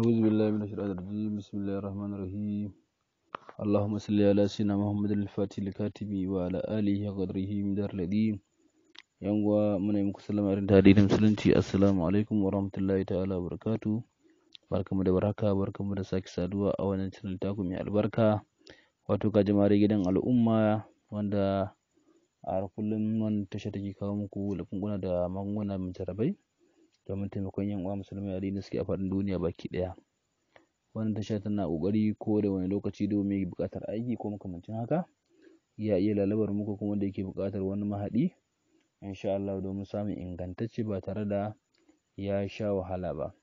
أعوذ بالله na الشيطان الرجيم بسم الله الرحمن الرحيم اللهم صل على سيدنا محمد الفاتح الكاتب وعلى آله وقدره من دار الذين yan uwa muna yi muku sallama irin tare da musulunci assalamu alaikum wa rahmatullahi ta'ala wa barakatu barkamu da baraka barkamu da sake saduwa a wannan channel taku mai albarka wato ka jama'ar gidan al'umma wanda a kullum wannan tasha take kawo muku lafunguna da magunguna mai jarabai domin taimakon yan uwa musulmai a da suke a faɗin duniya baki ɗaya. Wannan tasha tana ƙoƙari ko da wani lokaci domin buƙatar aiki ko makamancin haka. Ya iya lalabar muku kuma da yake buƙatar wani mahaɗi insha Allah domin samun ingantacce ba tare da ya sha wahala ba.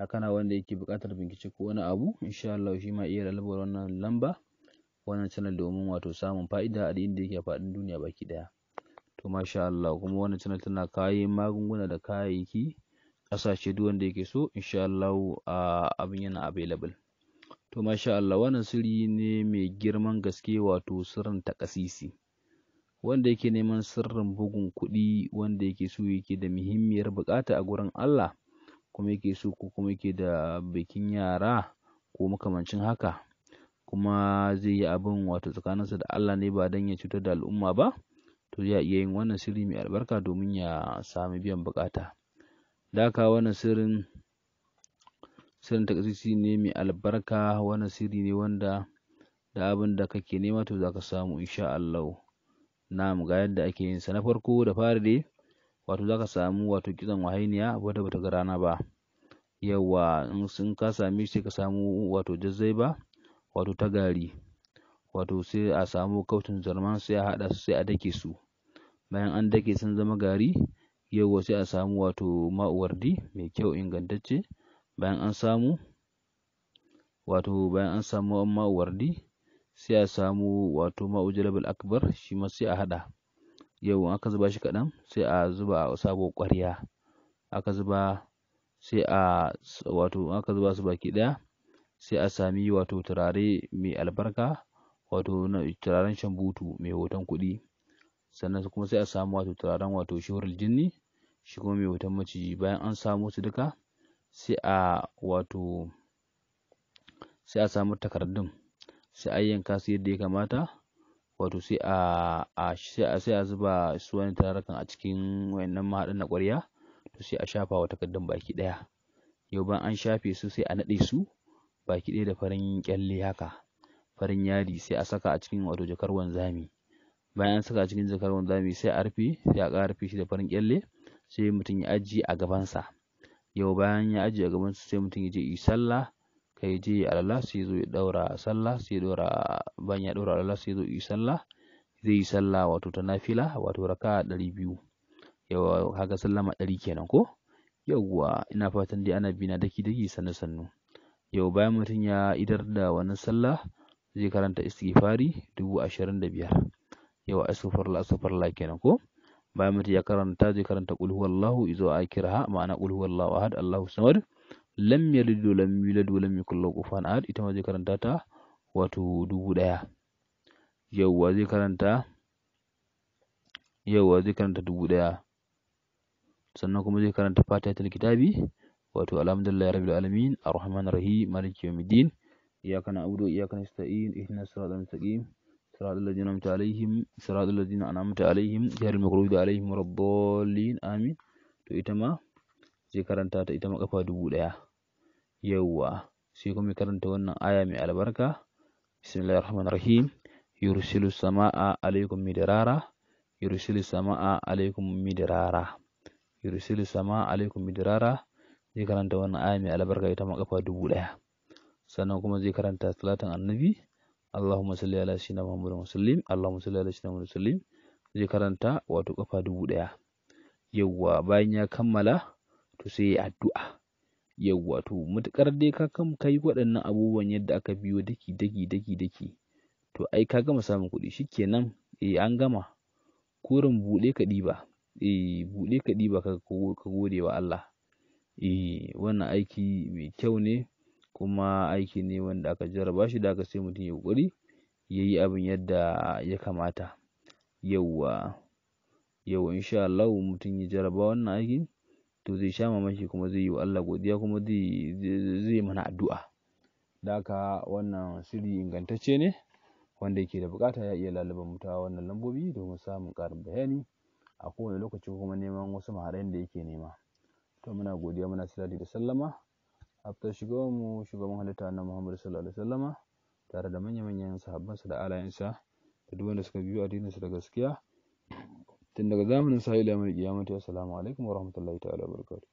Haka na wanda yake buƙatar bincike ko wani abu insha Allah shi ma iya lalabar wannan lamba wannan channel domin wato samun fa'ida a inda yake a faɗin duniya baki ɗaya. to masha Allah kuma wannan channel tana kayan magunguna da kayayyaki kasashe duk wanda yake so insha Allah abin yana available to masha Allah wannan sirri ne mai girman gaske wato sirrin takasisi wanda yake neman sirrin bugun kuɗi wanda yake so yake da muhimmiyar bukata a gurin Allah kuma yake so ko kuma yake da bikin yara ko makamancin haka kuma zai yi abin wato tsakaninsa da Allah ne ba don ya cutar da al'umma ba to ya iya yin wannan sirri mai albarka domin ya sami biyan bukata da haka wannan sirrin sirrin ne mai albarka wannan sirri ne wanda da abin da kake nema to zaka samu insha Allahu na'am ga yadda ake yin sa na farko da fari dai wato zaka samu wato kitson wahainiya wadda bata ga rana ba yawa in sun ka same shi ka samu wato jazzaiba wato ta gari wato sai a samu kautin zarman sai a haɗa su sai a dake su bayan an dake sun zama gari yauwa sai a samu wato ma'uwardi mai kyau ingantacce bayan an samu wato bayan an samu ma'uwardi sai a samu wato ma'ujalabal akbar shi ma sai a hada yau aka zuba shi kaɗan sai a zuba a sabuwar ƙwarya aka zuba sai a wato aka zuba su baki ɗaya sai a sami wato turare mai albarka wato turaren shambutu mai hoton kuɗi sannan kuma sai a samu wato turaren wato shuhurul jinni shi kuma mai wutan maciji bayan an samu su duka sai a wato sai a samu takardun sai a yanka su yadda ya kamata wato sai a sai a zuba su wani tarakan a cikin wayannan mahaɗin na ƙwarya to sai a shafa wa takardun baki ɗaya yau ban an shafe su sai a naɗe su baki ɗaya da farin kyalle haka farin yadi sai a saka a cikin wato jakar wanzami bayan an saka cikin jakar wanda sai a rufe sai a ƙara rufe shi da farin kyalle sai mutum ya ajiye a gabansa yau bayan ya ajiye a gabansa sai mutum ya je yi sallah kai je ya alala sai zo ya daura sallah sai ɗaura bayan ya ɗaura alala sai zo yi sallah zai yi sallah wato ta nafila wato raka ɗari biyu haka sallah ma ɗari kenan ko yauwa ina fatan dai ana bina daki daki sannu sannu yau bayan mutum ya idar da wannan sallah zai karanta istighfari dubu ashirin da biyar yawa astaghfirullah astaghfirullah kenan ko bayan mutum ya karanta zai karanta qul huwallahu izo a akiraha ma'ana qul huwallahu ahad allahu samad lam yalid wa lam yulad wa lam yakul lahu kufuwan ahad ita ma zai karanta ta wato dubu daya yawa zai karanta yawa zai karanta dubu daya sannan kuma zai karanta fatihatul kitabi wato alhamdulillahi rabbil alamin arrahmanir rahim maliki yawmiddin iyyaka na'budu wa iyyaka nasta'in ihdinas siratal mustaqim صراط الذين أنعمت عليهم صراط الذين أنعمت عليهم غير المغضوب عليهم ولا to ita ma zai ita ma dubu ɗaya yawwa sai kuma karanta wannan aya mai albarka bismillahir rahmanir rahim yursilu samaa alaikum midrara yursilu samaa alaikum midrara yursilu samaa alaikum midrara zai karanta wannan aya mai albarka ita ma kafa dubu ɗaya sannan kuma zai karanta salatin annabi Allahumma salli ala sayyidina Muhammadin sallim Allahumma salli ala sayyidina Muhammadin sallim zai karanta wato kafa dubu daya yawwa bayan ya kammala to sai ya addu'a yawwa to mutakar dai ka kam kai waɗannan abubuwan yadda aka biyo daki daki daki daki to ai ka gama samun kuɗi shikenan eh an gama kurin buɗe ka diba eh buɗe ka diba ka gode wa Allah eh wannan aiki mai kyau ne kuma aiki ne wanda aka jarraba shi da aka sai mutum ya yi ƙoƙari ya yi abin yadda ya kamata. Yauwa, yauwa insha Allahu mutum ya jarraba wannan aikin to zai sha mamaki kuma zai yi wa Allah godiya kuma zai mana addu'a. Da haka wannan sirri ingantacce ne wanda yake da buƙata ya iya laluben mu ta wannan lambobi domin samun ƙarin bayani a kowane lokaci kuma neman wasu maharan da yake nema. To muna godiya muna salati da sallama. Haftar shigowar mu shugaban halitta na Muhammadu sallallahu alaihi wasallama tare da manya-manyan sahabbansa da alayensa da duk wanda suka biyo addininsa da gaskiya tun daga zamanin sa ila yawmil qiyamati assalamu alaikum warahmatullahi ta'ala wabarakatuh